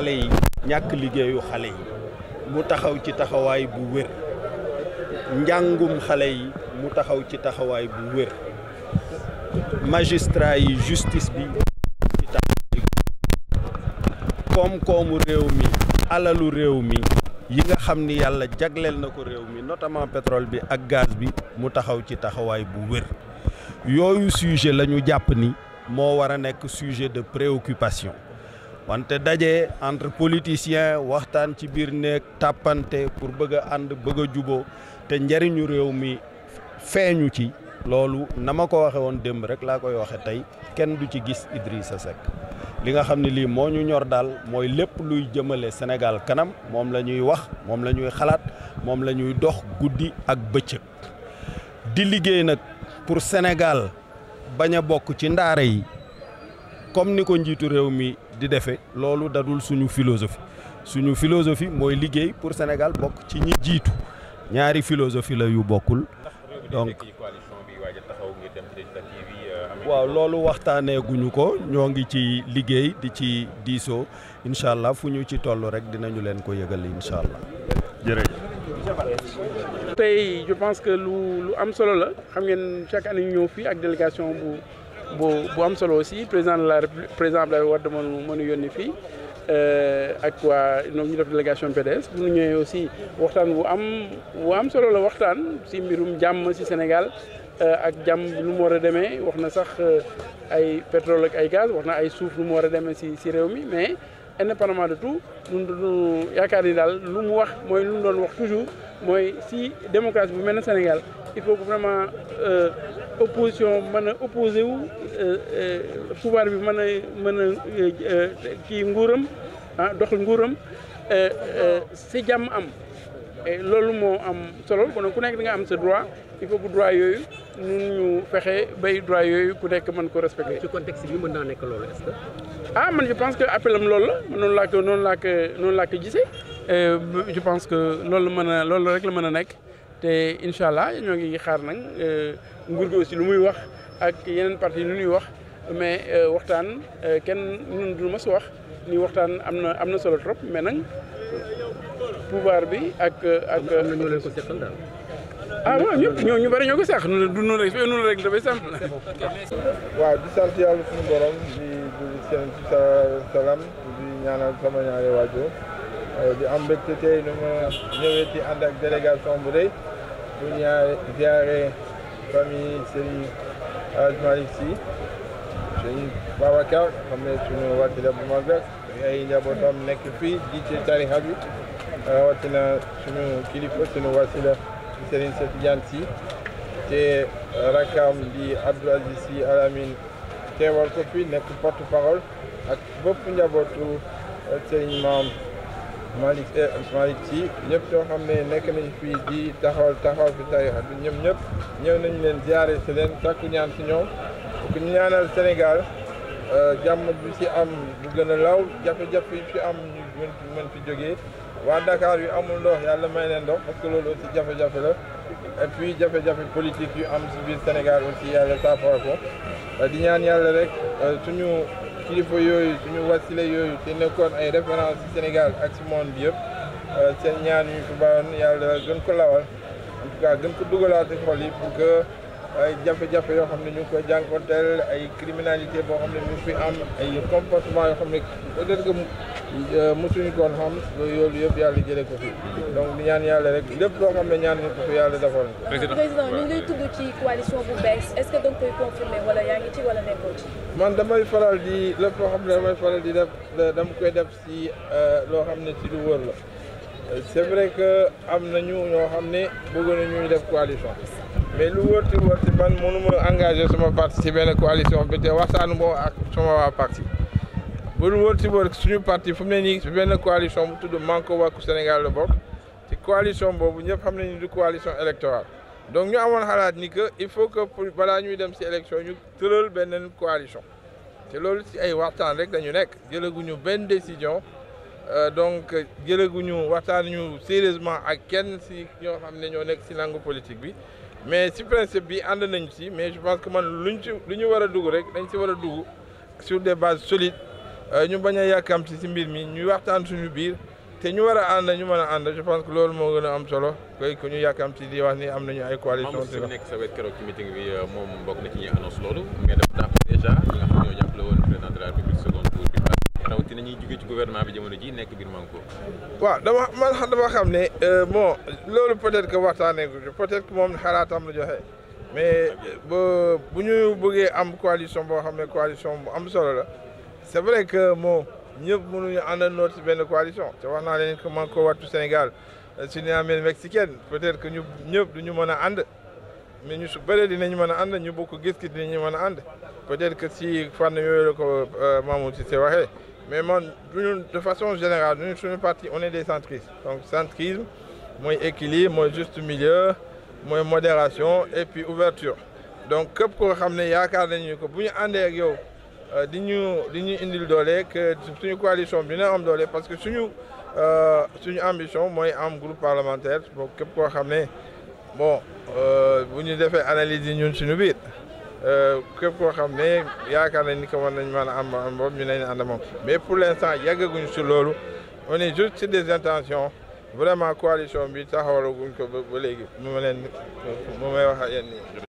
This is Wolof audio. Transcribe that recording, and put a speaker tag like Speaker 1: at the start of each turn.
Speaker 1: xale yi ñàkk liggéeyu xale yi mu taxaw ci taxawaay bu wér njàngum xale yi mu taxaw ci taxawaay bu wér magistrat yi justice bi ci taxawaay koom-koomu réew mi alalu réew mi yi nga xam ni yàlla jagleel na ko réew mi notamment petrole bi ak gaz bi mu taxaw ci taxawaay bu wér yooyu sujet la jàpp ni moo war a nekk sujet de préoccupation wante daje entre politiciens waxtaan ci biir néeg tàppante pour bëgg a ànd bëgg jubo te njariñu réew mi feeñu ci loolu na ma ko waxee woon démb rek laa koy waxee tey kenn du ci gis Idrissa Seck li nga xam ne lii moo ñu ñor daal mooy lépp luy jëmale Sénégal kanam moom la ñuy wax moom la ñuy xalaat moom la ñuy dox guddi ak bëccëg di liggéey nag pour senegal bañ a bokk ci ndaare yi comme ni ko njiitu réew mi di defee loolu dadul suñu philosophie suñu philosophie mooy liggéey pour Sénégal bokk ci ñi jiitu ñaari philosophie la yu bokkul donc waaw loolu waxtaanee guñu ko ñoo ngi ci liggéey di ci diisoo incha allah fu ñu ci toll rek dinañu leen ko yëgal incha allah jërëjëf.
Speaker 2: tey je pense que lu lu am solo la xam ngeen chaque année ñu fii ak délégation bu. bu bu am solo aussi président de la république président Abdoulaye Wade moo mënu yónni fii euh, ak waa ñoom ñu def délégation PDS bu nu ñëwee aussi waxtaan bu am bu am solo la waxtaan si mbirum jàmm si Sénégal euh, ak jàmm lu mu war a demee wax na sax euh, ay pétrole ak ay gaz wax na ay suuf lu mu war a demee si si réew mi mais indépendamment de tout ñun duñu yaakaar ni daal lu mu wax mooy lu doon wax toujours mooy si démocratie bu mel ne Sénégal il faut que vraiment euh, opposition mën a opposé wu euh, euh, pouvoir bi mën a mën a kii nguuram ah doxal nguuram si jàmm am loolu moo am solo kon ku nekk di nga am sa droit il faut que droit yooyu ñun ñu fexe bay droit yooyu ku nekk mën ko respecté. ci contexte bi mën naa nekk loolu est-ce que. ah man je pense que appel loolu la noonu laa ko noonu laa ko noonu laa ko gisee je pense que loolu mën a loolu rek la mën a nekk. te incha allah ñoo ngi xaar nag euh, nguur gi aussi lu muy wax ak yeneen parti lu ñuy wax mais euh, waxtaan euh, kenn ñun du mas wax ni waxtaan am na am na solo trop mais nag pouvoir bi ak ak. am na leen ko seqal daal. ah ñoo ñu bëri ñoo ko sax nu du noonu rek noonu rek dafay simple.
Speaker 3: waa di sant yàlla suñu borom di di seen salaam di ñaanal sama ñaari waajur Euh, di am mbégte tey nu ma ñëwee ci ànd ak délégation bu rëy bu ñaare ziare famille Serigne Hadj Malick Sy Serigne Babacar xam ne suñu wàttila bu mag la njabootam nekk fii di ci tarixa bi rawatina suñu kilifa suñu wasila Serigne Cheikh Tidiane Sy te rakam di Abdou Aziz Sy Al Amine fi nekk porte parole ak bopp njabootu Serigne Maam Malick eh, Malick Sy ñëpp ñoo xam ne nekk nañ fii di taxawal taxawal fi tarixa bi ñoom ñëpp ñëw nañ leen ziare si leen sàkku ñaan si ñoom ku ñaanal Sénégal eh, jàmm bi ci am bu gën a law jafe-jafe yi fi am ñu mën fi jógee waa Dakar yu amul ndox yàlla may leen ndox parce loolu aussi jafe-jafe la et jafe-jafe politique yu am si biir Sénégal si yàlla saafara ko eh, di ñaan kilifa yooyu suñu wasile yooyu te nekkoon ay référence ci Sénégal ak ci monde bi yëpp euh, seen ñaan yu fi baaxoon yàlla gën ko lawal en tout cas gën ko dugalaat ci xol yi pour que ay jafe-jafe yoo xam ne ñu ngi koy jànkuwanteel ay criminalité boo xam ne mu fi am ay comportement yoo xam ne peut-être Euh, mosuñu koon xam loolu yëpp yàlla jëlee ko fi donc di ñaan yàlla rek lépp loo xam ne ñaan nañ ko yàlla defal président ñu ngi lay tudd ci koy ci man damay faral di lépp loo xam ne damay faral di def dama koy def si euh, loo xam ne si lu wóor la c'est vrai que am nañu ñoo xam ne bëgg nañu def coalition mais lu wóor ci wóor ci man mënuma engagé sama parti si benn coalition bi te waxtaanu boo ak sama waa parti bu dul wër si wër suñu parti fu mu ne nii benn coalition bu tudd Manko Wàkku Sénégal la bokk ci coalition boobu ñëpp xam nañu du coalition électorale donc ñu amoon xalaat ni que il faut que pour balaa ñuy dem si élection ñu tëral benn coalition te loolu si ay waxtaan rek dañu nekk jëlaguñu benn décision euh, donc jëlaguñu waxtaan ñu sérieusement ak kenn si ñoo xam ne ñoo nekk si nangu politique bi mais si principe bi ànd nañ si mais je pense que man luñ ci lu ñu war a dugg rek dañ si war a dugg sur des bases solides Euh, ñu bañ a yàkkamti si mbir mi ñu waxtaan suñu biir te ñu war a ànd ñu mën a ànd je que loolu moo gën a am solo koy ku ñu yàkkamti di wax ni am nañu ay coalition si nekk sa wet keroog ci bi euh, moom bokk na ci ñuy annonce loolu mais dafa dàq
Speaker 1: déjà ñi nga xam ñoo jàppale woon président de la république second tour bi rawatina ñuy jóge ci gouvernement bi jamono ji nekk biir manko
Speaker 3: waaw dama man xam ne moo euh, loolu peut-être que waxtaanee ko peut-être que moom xalaatam la joxe mais ah, ba bu ñu bëggee am coalition boo xam ne coalition bu am solo la c'est vrai que moo ñëpp mënuñu àndandoo ci benn coalition te wax naa leen que man ko wattu Sénégal suñu euh, amee mexicaine peut-être que ñu ñëpp du ñu mën a ànd mais ñu su bëree dinañ mën a ànd ñu bokk gis-gis dinañ mën a ànd peut-être que si fànn yooyu la ko euh, Mamour Cissé waxee mais man duñu de façon générale ñun suñu parti on est des centristes donc centrisme mooy équilibre mooy juste milieu mooy modération et puis ouverture donc képp koo xam ne yaakaar nañu ko bu ñu àndee ak yow Euh, di ñu di ñu indil doole que suñu coalition bi na am doole parce que suñu euh, suñu ambition mooy am groupe parlementaire boo képp koo xam ne bon euh, bu ñu defee analyse yi ñun suñu biir képp koo xam ne yaakaar nañ ni que war nañ mën a am am boobu mi ne ànd mais pour l'instant yàggaguñ si loolu on est juste des intentions vraiment coalition bi taxawalaguñ ko ba ba léegi mu ma leen mu may wax